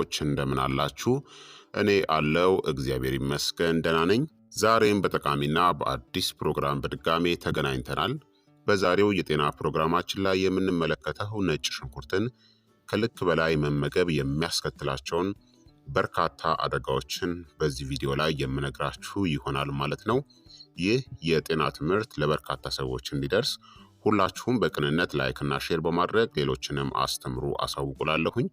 ዎች እንደምን አላችሁ? እኔ አለው እግዚአብሔር ይመስገን ደህና ነኝ። ዛሬም በጠቃሚና በአዲስ ፕሮግራም በድጋሜ ተገናኝተናል። በዛሬው የጤና ፕሮግራማችን ላይ የምንመለከተው ነጭ ሽንኩርትን ከልክ በላይ መመገብ የሚያስከትላቸውን በርካታ አደጋዎችን በዚህ ቪዲዮ ላይ የምነግራችሁ ይሆናል ማለት ነው። ይህ የጤና ትምህርት ለበርካታ ሰዎች እንዲደርስ ሁላችሁም በቅንነት ላይክና ሼር በማድረግ ሌሎችንም አስተምሩ አሳውቁላለሁኝ።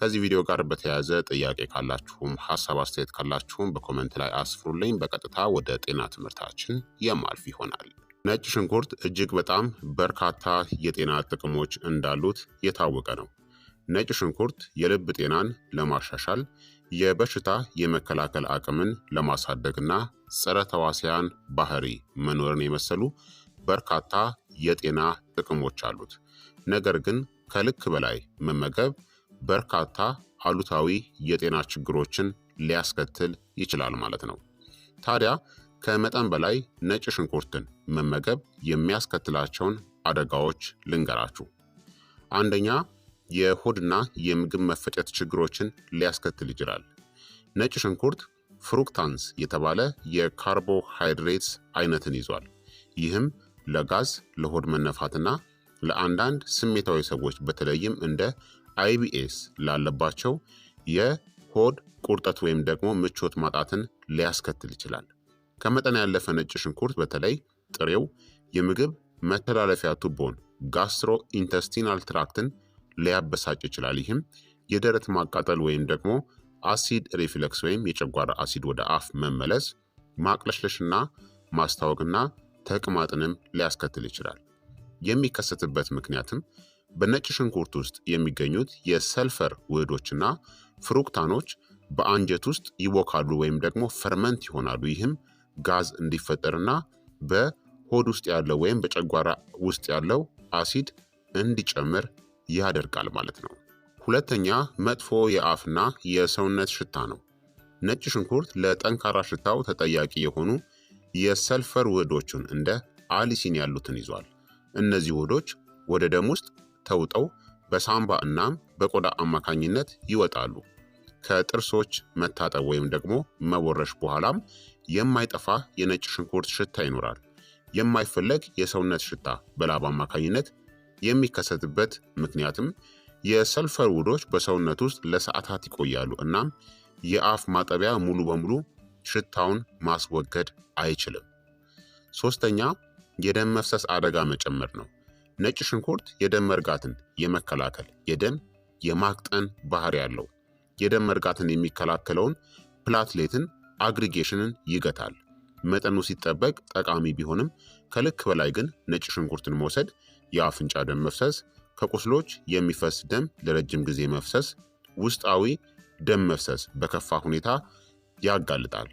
ከዚህ ቪዲዮ ጋር በተያያዘ ጥያቄ ካላችሁም ሀሳብ አስተያየት ካላችሁም በኮመንት ላይ አስፍሩልኝ። በቀጥታ ወደ ጤና ትምህርታችን የማልፍ ይሆናል። ነጭ ሽንኩርት እጅግ በጣም በርካታ የጤና ጥቅሞች እንዳሉት የታወቀ ነው። ነጭ ሽንኩርት የልብ ጤናን ለማሻሻል፣ የበሽታ የመከላከል አቅምን ለማሳደግና ጸረ ተዋሲያን ባህሪ መኖርን የመሰሉ በርካታ የጤና ጥቅሞች አሉት። ነገር ግን ከልክ በላይ መመገብ በርካታ አሉታዊ የጤና ችግሮችን ሊያስከትል ይችላል ማለት ነው። ታዲያ ከመጠን በላይ ነጭ ሽንኩርትን መመገብ የሚያስከትላቸውን አደጋዎች ልንገራችሁ። አንደኛ የሆድና የምግብ መፈጨት ችግሮችን ሊያስከትል ይችላል። ነጭ ሽንኩርት ፍሩክታንስ የተባለ የካርቦሃይድሬትስ አይነትን ይዟል። ይህም ለጋዝ ለሆድ መነፋትና ለአንዳንድ ስሜታዊ ሰዎች በተለይም እንደ አይቢኤስ ላለባቸው የሆድ ቁርጠት ወይም ደግሞ ምቾት ማጣትን ሊያስከትል ይችላል። ከመጠን ያለፈ ነጭ ሽንኩርት በተለይ ጥሬው የምግብ መተላለፊያ ቱቦን ጋስትሮ ኢንተስቲናል ትራክትን ሊያበሳጭ ይችላል። ይህም የደረት ማቃጠል ወይም ደግሞ አሲድ ሪፍለክስ ወይም የጨጓራ አሲድ ወደ አፍ መመለስ፣ ማቅለሽለሽና ማስታወክና ተቅማጥንም ሊያስከትል ይችላል። የሚከሰትበት ምክንያትም በነጭ ሽንኩርት ውስጥ የሚገኙት የሰልፈር ውህዶችና ፍሩክታኖች በአንጀት ውስጥ ይቦካሉ ወይም ደግሞ ፈርመንት ይሆናሉ። ይህም ጋዝ እንዲፈጠርና በሆድ ውስጥ ያለው ወይም በጨጓራ ውስጥ ያለው አሲድ እንዲጨምር ያደርጋል ማለት ነው። ሁለተኛ መጥፎ የአፍና የሰውነት ሽታ ነው። ነጭ ሽንኩርት ለጠንካራ ሽታው ተጠያቂ የሆኑ የሰልፈር ውህዶችን እንደ አሊሲን ያሉትን ይዟል። እነዚህ ውህዶች ወደ ደም ውስጥ ተውጠው በሳምባ እናም በቆዳ አማካኝነት ይወጣሉ። ከጥርሶች መታጠብ ወይም ደግሞ መቦረሽ በኋላም የማይጠፋ የነጭ ሽንኩርት ሽታ ይኖራል። የማይፈለግ የሰውነት ሽታ በላብ አማካኝነት የሚከሰትበት ምክንያትም የሰልፈር ውዶች በሰውነት ውስጥ ለሰዓታት ይቆያሉ እናም የአፍ ማጠቢያ ሙሉ በሙሉ ሽታውን ማስወገድ አይችልም። ሶስተኛ የደም መፍሰስ አደጋ መጨመር ነው። ነጭ ሽንኩርት የደም መርጋትን የመከላከል የደም የማቅጠን ባህሪ ያለው የደም መርጋትን የሚከላከለውን ፕላትሌትን አግሪጌሽንን ይገታል። መጠኑ ሲጠበቅ ጠቃሚ ቢሆንም ከልክ በላይ ግን ነጭ ሽንኩርትን መውሰድ የአፍንጫ ደም መፍሰስ፣ ከቁስሎች የሚፈስ ደም ለረጅም ጊዜ መፍሰስ፣ ውስጣዊ ደም መፍሰስ በከፋ ሁኔታ ያጋልጣል።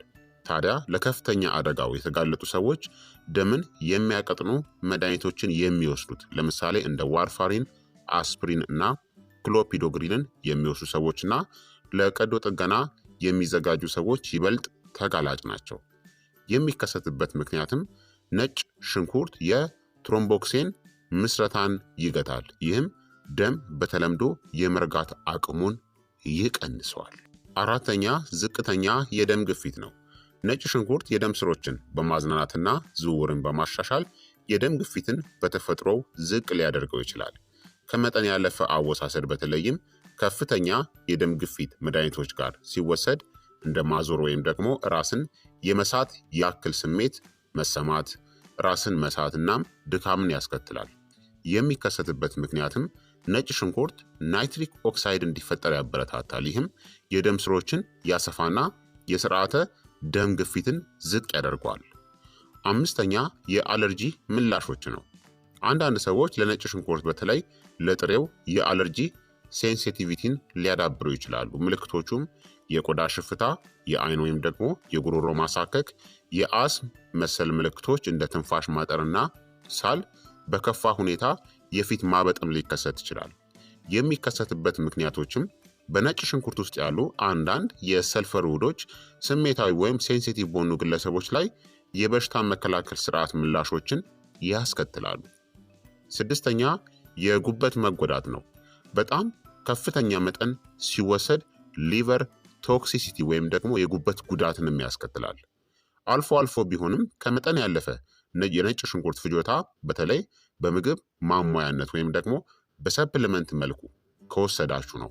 ታዲያ ለከፍተኛ አደጋው የተጋለጡ ሰዎች ደምን የሚያቀጥኑ መድኃኒቶችን የሚወስዱት ለምሳሌ እንደ ዋርፋሪን፣ አስፕሪን እና ክሎፒዶግሪንን የሚወስዱ ሰዎችና ለቀዶ ጥገና የሚዘጋጁ ሰዎች ይበልጥ ተጋላጭ ናቸው። የሚከሰትበት ምክንያትም ነጭ ሽንኩርት የትሮምቦክሴን ምስረታን ይገታል። ይህም ደም በተለምዶ የመርጋት አቅሙን ይቀንሰዋል። አራተኛ ዝቅተኛ የደም ግፊት ነው። ነጭ ሽንኩርት የደም ስሮችን በማዝናናትና ዝውውርን በማሻሻል የደም ግፊትን በተፈጥሮው ዝቅ ሊያደርገው ይችላል። ከመጠን ያለፈ አወሳሰድ በተለይም ከፍተኛ የደም ግፊት መድኃኒቶች ጋር ሲወሰድ እንደ ማዞር ወይም ደግሞ ራስን የመሳት ያክል ስሜት መሰማት፣ ራስን መሳት እናም ድካምን ያስከትላል። የሚከሰትበት ምክንያትም ነጭ ሽንኩርት ናይትሪክ ኦክሳይድ እንዲፈጠር ያበረታታል። ይህም የደም ስሮችን ያሰፋና የስርዓተ ደም ግፊትን ዝቅ ያደርገዋል። አምስተኛ የአለርጂ ምላሾች ነው። አንዳንድ ሰዎች ለነጭ ሽንኩርት በተለይ ለጥሬው የአለርጂ ሴንሲቲቪቲን ሊያዳብሩ ይችላሉ። ምልክቶቹም የቆዳ ሽፍታ፣ የአይን ወይም ደግሞ የጉሮሮ ማሳከክ፣ የአስም መሰል ምልክቶች እንደ ትንፋሽ ማጠርና ሳል፣ በከፋ ሁኔታ የፊት ማበጥም ሊከሰት ይችላል። የሚከሰትበት ምክንያቶችም በነጭ ሽንኩርት ውስጥ ያሉ አንዳንድ የሰልፈር ውህዶች ስሜታዊ ወይም ሴንሲቲቭ በሆኑ ግለሰቦች ላይ የበሽታ መከላከል ስርዓት ምላሾችን ያስከትላሉ። ስድስተኛ የጉበት መጎዳት ነው። በጣም ከፍተኛ መጠን ሲወሰድ ሊቨር ቶክሲሲቲ ወይም ደግሞ የጉበት ጉዳትንም ያስከትላል። አልፎ አልፎ ቢሆንም ከመጠን ያለፈ የነጭ ሽንኩርት ፍጆታ በተለይ በምግብ ማሟያነት ወይም ደግሞ በሰፕልመንት መልኩ ከወሰዳችሁ ነው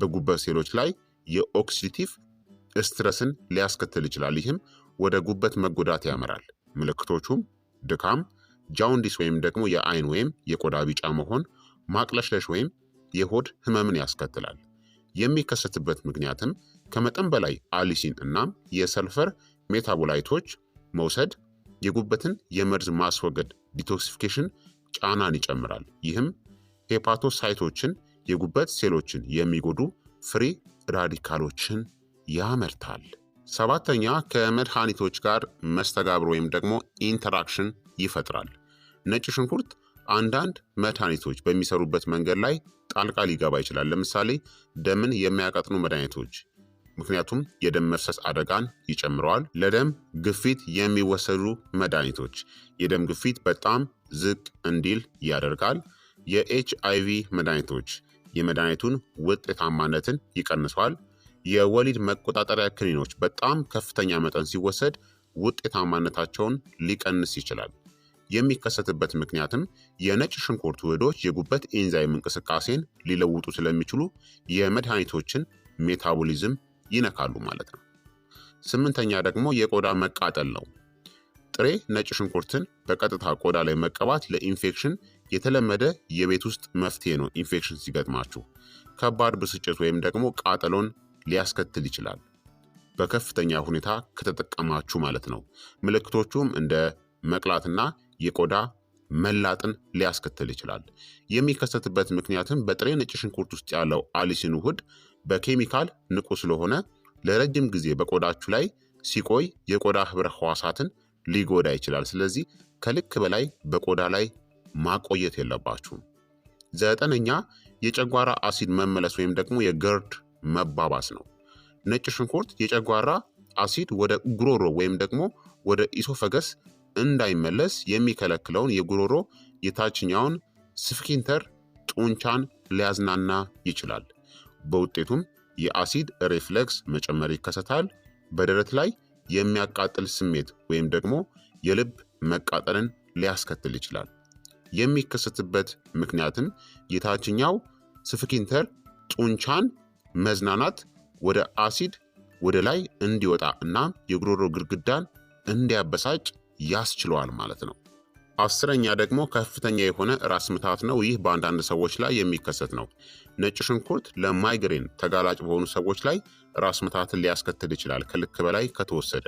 በጉበት ሴሎች ላይ የኦክሲዲቲቭ ስትረስን ሊያስከትል ይችላል። ይህም ወደ ጉበት መጎዳት ያመራል። ምልክቶቹም ድካም፣ ጃውንዲስ ወይም ደግሞ የአይን ወይም የቆዳ ቢጫ መሆን፣ ማቅለሽለሽ ወይም የሆድ ህመምን ያስከትላል። የሚከሰትበት ምክንያትም ከመጠን በላይ አሊሲን እናም የሰልፈር ሜታቦላይቶች መውሰድ የጉበትን የመርዝ ማስወገድ ዲቶክሲፊኬሽን ጫናን ይጨምራል። ይህም ሄፓቶሳይቶችን የጉበት ሴሎችን የሚጎዱ ፍሪ ራዲካሎችን ያመርታል። ሰባተኛ ከመድኃኒቶች ጋር መስተጋብር ወይም ደግሞ ኢንተራክሽን ይፈጥራል። ነጭ ሽንኩርት አንዳንድ መድኃኒቶች በሚሰሩበት መንገድ ላይ ጣልቃ ሊገባ ይችላል። ለምሳሌ ደምን የሚያቀጥኑ መድኃኒቶች፣ ምክንያቱም የደም መፍሰስ አደጋን ይጨምረዋል። ለደም ግፊት የሚወሰዱ መድኃኒቶች የደም ግፊት በጣም ዝቅ እንዲል ያደርጋል። የኤች መድኃኒቶች የመድኃኒቱን ውጤታማነትን ይቀንሷል። የወሊድ መቆጣጠሪያ ክኒኖች በጣም ከፍተኛ መጠን ሲወሰድ ውጤታማነታቸውን ሊቀንስ ይችላል። የሚከሰትበት ምክንያትም የነጭ ሽንኩርት ውህዶች የጉበት ኤንዛይም እንቅስቃሴን ሊለውጡ ስለሚችሉ የመድኃኒቶችን ሜታቦሊዝም ይነካሉ ማለት ነው። ስምንተኛ ደግሞ የቆዳ መቃጠል ነው። ጥሬ ነጭ ሽንኩርትን በቀጥታ ቆዳ ላይ መቀባት ለኢንፌክሽን የተለመደ የቤት ውስጥ መፍትሄ ነው። ኢንፌክሽን ሲገጥማችሁ ከባድ ብስጭት ወይም ደግሞ ቃጠሎን ሊያስከትል ይችላል በከፍተኛ ሁኔታ ከተጠቀማችሁ ማለት ነው። ምልክቶቹም እንደ መቅላትና የቆዳ መላጥን ሊያስከትል ይችላል። የሚከሰትበት ምክንያትም በጥሬ ነጭ ሽንኩርት ውስጥ ያለው አሊሲን ውህድ በኬሚካል ንቁ ስለሆነ ለረጅም ጊዜ በቆዳችሁ ላይ ሲቆይ የቆዳ ህብረ ህዋሳትን ሊጎዳ ይችላል። ስለዚህ ከልክ በላይ በቆዳ ላይ ማቆየት የለባችሁም። ዘጠነኛ የጨጓራ አሲድ መመለስ ወይም ደግሞ የገርድ መባባስ ነው። ነጭ ሽንኩርት የጨጓራ አሲድ ወደ ጉሮሮ ወይም ደግሞ ወደ ኢሶፈገስ እንዳይመለስ የሚከለክለውን የጉሮሮ የታችኛውን ስፍኪንተር ጡንቻን ሊያዝናና ይችላል። በውጤቱም የአሲድ ሪፍሌክስ መጨመር ይከሰታል። በደረት ላይ የሚያቃጥል ስሜት ወይም ደግሞ የልብ መቃጠልን ሊያስከትል ይችላል። የሚከሰትበት ምክንያትም የታችኛው ስፍኪንተር ጡንቻን መዝናናት ወደ አሲድ ወደ ላይ እንዲወጣ እናም የጉሮሮ ግድግዳን እንዲያበሳጭ ያስችለዋል ማለት ነው። አስረኛ ደግሞ ከፍተኛ የሆነ ራስ ምታት ነው። ይህ በአንዳንድ ሰዎች ላይ የሚከሰት ነው። ነጭ ሽንኩርት ለማይግሬን ተጋላጭ በሆኑ ሰዎች ላይ ራስ ምታትን ሊያስከትል ይችላል ከልክ በላይ ከተወሰደ።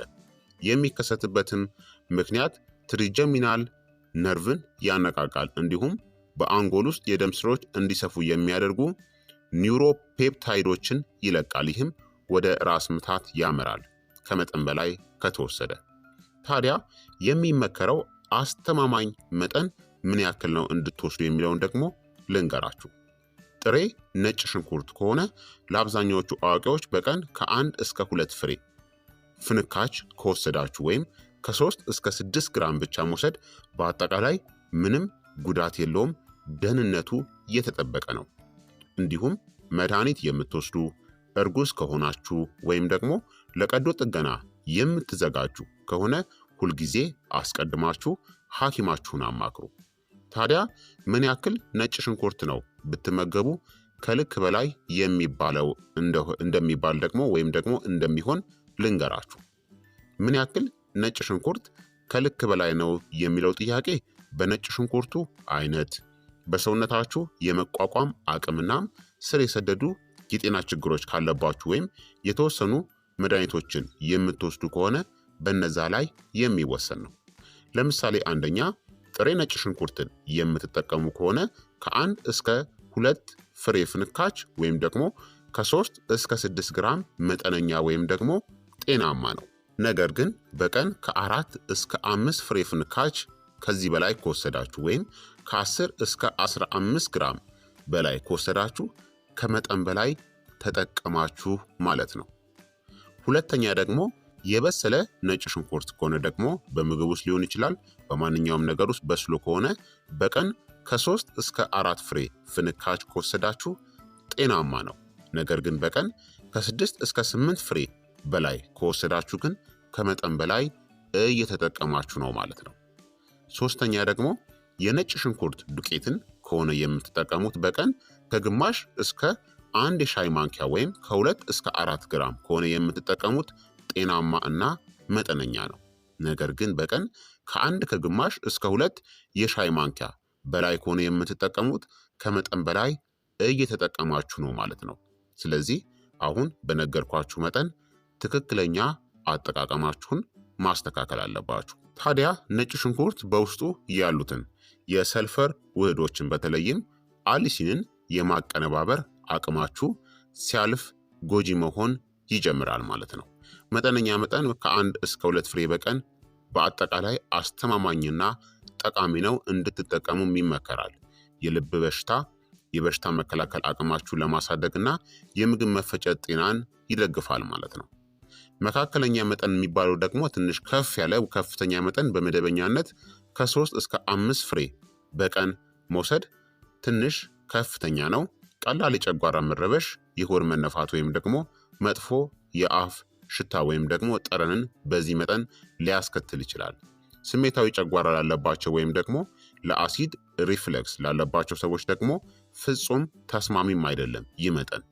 የሚከሰትበትም ምክንያት ትሪጀሚናል ነርቭን ያነቃቃል። እንዲሁም በአንጎል ውስጥ የደም ስሮች እንዲሰፉ የሚያደርጉ ኒውሮፔፕታይዶችን ይለቃል። ይህም ወደ ራስ ምታት ያመራል ከመጠን በላይ ከተወሰደ። ታዲያ የሚመከረው አስተማማኝ መጠን ምን ያክል ነው እንድትወስዱ የሚለውን ደግሞ ልንገራችሁ። ጥሬ ነጭ ሽንኩርት ከሆነ ለአብዛኛዎቹ አዋቂዎች በቀን ከአንድ እስከ ሁለት ፍሬ ፍንካች ከወሰዳችሁ ወይም ከ3 እስከ 6 ግራም ብቻ መውሰድ በአጠቃላይ ምንም ጉዳት የለውም፣ ደህንነቱ የተጠበቀ ነው። እንዲሁም መድኃኒት የምትወስዱ እርጉዝ ከሆናችሁ ወይም ደግሞ ለቀዶ ጥገና የምትዘጋጁ ከሆነ ሁልጊዜ አስቀድማችሁ ሐኪማችሁን አማክሩ። ታዲያ ምን ያክል ነጭ ሽንኩርት ነው ብትመገቡ ከልክ በላይ የሚባለው እንደሚባል ደግሞ ወይም ደግሞ እንደሚሆን ልንገራችሁ። ምን ያክል ነጭ ሽንኩርት ከልክ በላይ ነው የሚለው ጥያቄ በነጭ ሽንኩርቱ አይነት፣ በሰውነታችሁ የመቋቋም አቅምናም ስር የሰደዱ የጤና ችግሮች ካለባችሁ ወይም የተወሰኑ መድኃኒቶችን የምትወስዱ ከሆነ በነዛ ላይ የሚወሰን ነው። ለምሳሌ አንደኛ ጥሬ ነጭ ሽንኩርትን የምትጠቀሙ ከሆነ ከአንድ እስከ ሁለት ፍሬ ፍንካች ወይም ደግሞ ከሶስት እስከ ስድስት ግራም መጠነኛ ወይም ደግሞ ጤናማ ነው። ነገር ግን በቀን ከአራት እስከ አምስት ፍሬ ፍንካች ከዚህ በላይ ከወሰዳችሁ ወይም ከ10 እስከ 15 ግራም በላይ ከወሰዳችሁ ከመጠን በላይ ተጠቀማችሁ ማለት ነው። ሁለተኛ ደግሞ የበሰለ ነጭ ሽንኩርት ከሆነ ደግሞ በምግብ ውስጥ ሊሆን ይችላል፣ በማንኛውም ነገር ውስጥ በስሎ ከሆነ በቀን ከሶስት እስከ አራት ፍሬ ፍንካች ከወሰዳችሁ ጤናማ ነው። ነገር ግን በቀን ከስድስት እስከ 8 ፍሬ በላይ ከወሰዳችሁ ግን ከመጠን በላይ እየተጠቀማችሁ ነው ማለት ነው። ሶስተኛ ደግሞ የነጭ ሽንኩርት ዱቄትን ከሆነ የምትጠቀሙት በቀን ከግማሽ እስከ አንድ የሻይ ማንኪያ ወይም ከሁለት እስከ አራት ግራም ከሆነ የምትጠቀሙት ጤናማ እና መጠነኛ ነው። ነገር ግን በቀን ከአንድ ከግማሽ እስከ ሁለት የሻይ ማንኪያ በላይ ከሆነ የምትጠቀሙት ከመጠን በላይ እየተጠቀማችሁ ነው ማለት ነው። ስለዚህ አሁን በነገርኳችሁ መጠን ትክክለኛ አጠቃቀማችሁን ማስተካከል አለባችሁ። ታዲያ ነጭ ሽንኩርት በውስጡ ያሉትን የሰልፈር ውህዶችን በተለይም አሊሲንን የማቀነባበር አቅማችሁ ሲያልፍ ጎጂ መሆን ይጀምራል ማለት ነው። መጠነኛ መጠን ከአንድ እስከ ሁለት ፍሬ በቀን በአጠቃላይ አስተማማኝና ጠቃሚ ነው እንድትጠቀሙም ይመከራል። የልብ በሽታ የበሽታ መከላከል አቅማችሁን ለማሳደግና የምግብ መፈጨት ጤናን ይደግፋል ማለት ነው። መካከለኛ መጠን የሚባለው ደግሞ ትንሽ ከፍ ያለ ከፍተኛ መጠን በመደበኛነት ከሶስት እስከ አምስት ፍሬ በቀን መውሰድ ትንሽ ከፍተኛ ነው። ቀላል የጨጓራ መረበሽ፣ የሆድ መነፋት ወይም ደግሞ መጥፎ የአፍ ሽታ ወይም ደግሞ ጠረንን በዚህ መጠን ሊያስከትል ይችላል። ስሜታዊ ጨጓራ ላለባቸው ወይም ደግሞ ለአሲድ ሪፍለክስ ላለባቸው ሰዎች ደግሞ ፍጹም ተስማሚም አይደለም ይህ መጠን።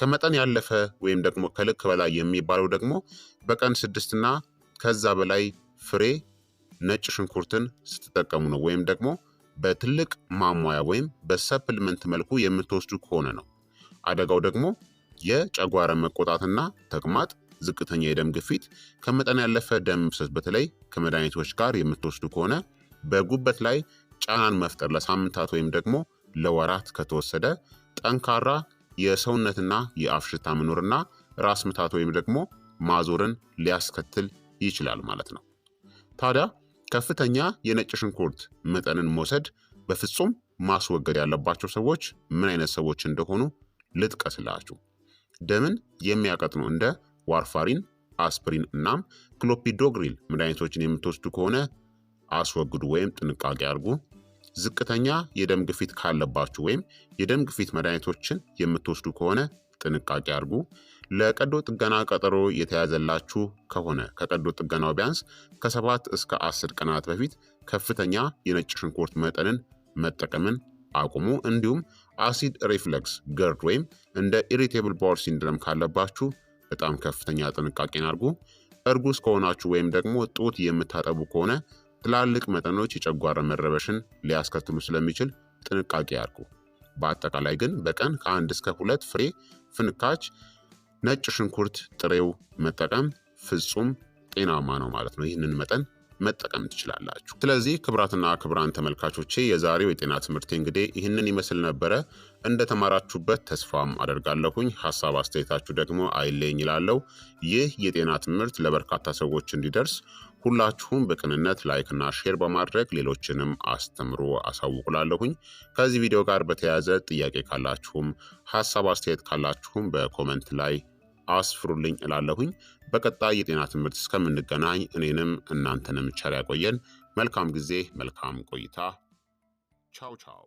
ከመጠን ያለፈ ወይም ደግሞ ከልክ በላይ የሚባለው ደግሞ በቀን ስድስትና ከዛ በላይ ፍሬ ነጭ ሽንኩርትን ስትጠቀሙ ነው ወይም ደግሞ በትልቅ ማሟያ ወይም በሰፕልመንት መልኩ የምትወስዱ ከሆነ ነው። አደጋው ደግሞ የጨጓራ መቆጣትና ተቅማጥ፣ ዝቅተኛ የደም ግፊት፣ ከመጠን ያለፈ ደም ፍሰት በተለይ ከመድኃኒቶች ጋር የምትወስዱ ከሆነ በጉበት ላይ ጫናን መፍጠር ለሳምንታት ወይም ደግሞ ለወራት ከተወሰደ ጠንካራ የሰውነትና የአፍሽታ ሽታ መኖርና ራስ ምታት ወይም ደግሞ ማዞርን ሊያስከትል ይችላል ማለት ነው። ታዲያ ከፍተኛ የነጭ ሽንኩርት መጠንን መውሰድ በፍጹም ማስወገድ ያለባቸው ሰዎች ምን አይነት ሰዎች እንደሆኑ ልጥቀስላችሁ። ደምን የሚያቀጥኑ እንደ ዋርፋሪን፣ አስፕሪን እናም ክሎፒዶግሪል መድኃኒቶችን የምትወስዱ ከሆነ አስወግዱ ወይም ጥንቃቄ አድርጉ ዝቅተኛ የደም ግፊት ካለባችሁ ወይም የደም ግፊት መድኃኒቶችን የምትወስዱ ከሆነ ጥንቃቄ አድርጉ። ለቀዶ ጥገና ቀጠሮ የተያዘላችሁ ከሆነ ከቀዶ ጥገናው ቢያንስ ከሰባት እስከ አስር ቀናት በፊት ከፍተኛ የነጭ ሽንኩርት መጠንን መጠቀምን አቁሙ። እንዲሁም አሲድ ሪፍለክስ ገርድ ወይም እንደ ኢሪቴብል ባወል ሲንድረም ካለባችሁ በጣም ከፍተኛ ጥንቃቄን አድርጉ። እርጉዝ ከሆናችሁ ወይም ደግሞ ጡት የምታጠቡ ከሆነ ትላልቅ መጠኖች የጨጓራ መረበሽን ሊያስከትሉ ስለሚችል ጥንቃቄ ያርጉ። በአጠቃላይ ግን በቀን ከአንድ እስከ ሁለት ፍሬ ፍንካች ነጭ ሽንኩርት ጥሬው መጠቀም ፍጹም ጤናማ ነው ማለት ነው። ይህንን መጠን መጠቀም ትችላላችሁ። ስለዚህ ክብራትና ክብራን ተመልካቾቼ የዛሬው የጤና ትምህርት እንግዲህ ይህንን ይመስል ነበረ። እንደተማራችሁበት ተስፋም አደርጋለሁኝ። ሀሳብ አስተያየታችሁ ደግሞ አይለኝ ይላለው። ይህ የጤና ትምህርት ለበርካታ ሰዎች እንዲደርስ ሁላችሁም በቅንነት ላይክና ሼር በማድረግ ሌሎችንም አስተምሩ አሳውቁላለሁኝ። ከዚህ ቪዲዮ ጋር በተያያዘ ጥያቄ ካላችሁም ሀሳብ አስተያየት ካላችሁም በኮመንት ላይ አስፍሩልኝ እላለሁኝ። በቀጣይ የጤና ትምህርት እስከምንገናኝ እኔንም እናንተንም ቸር ያቆየን። መልካም ጊዜ፣ መልካም ቆይታ። ቻው ቻው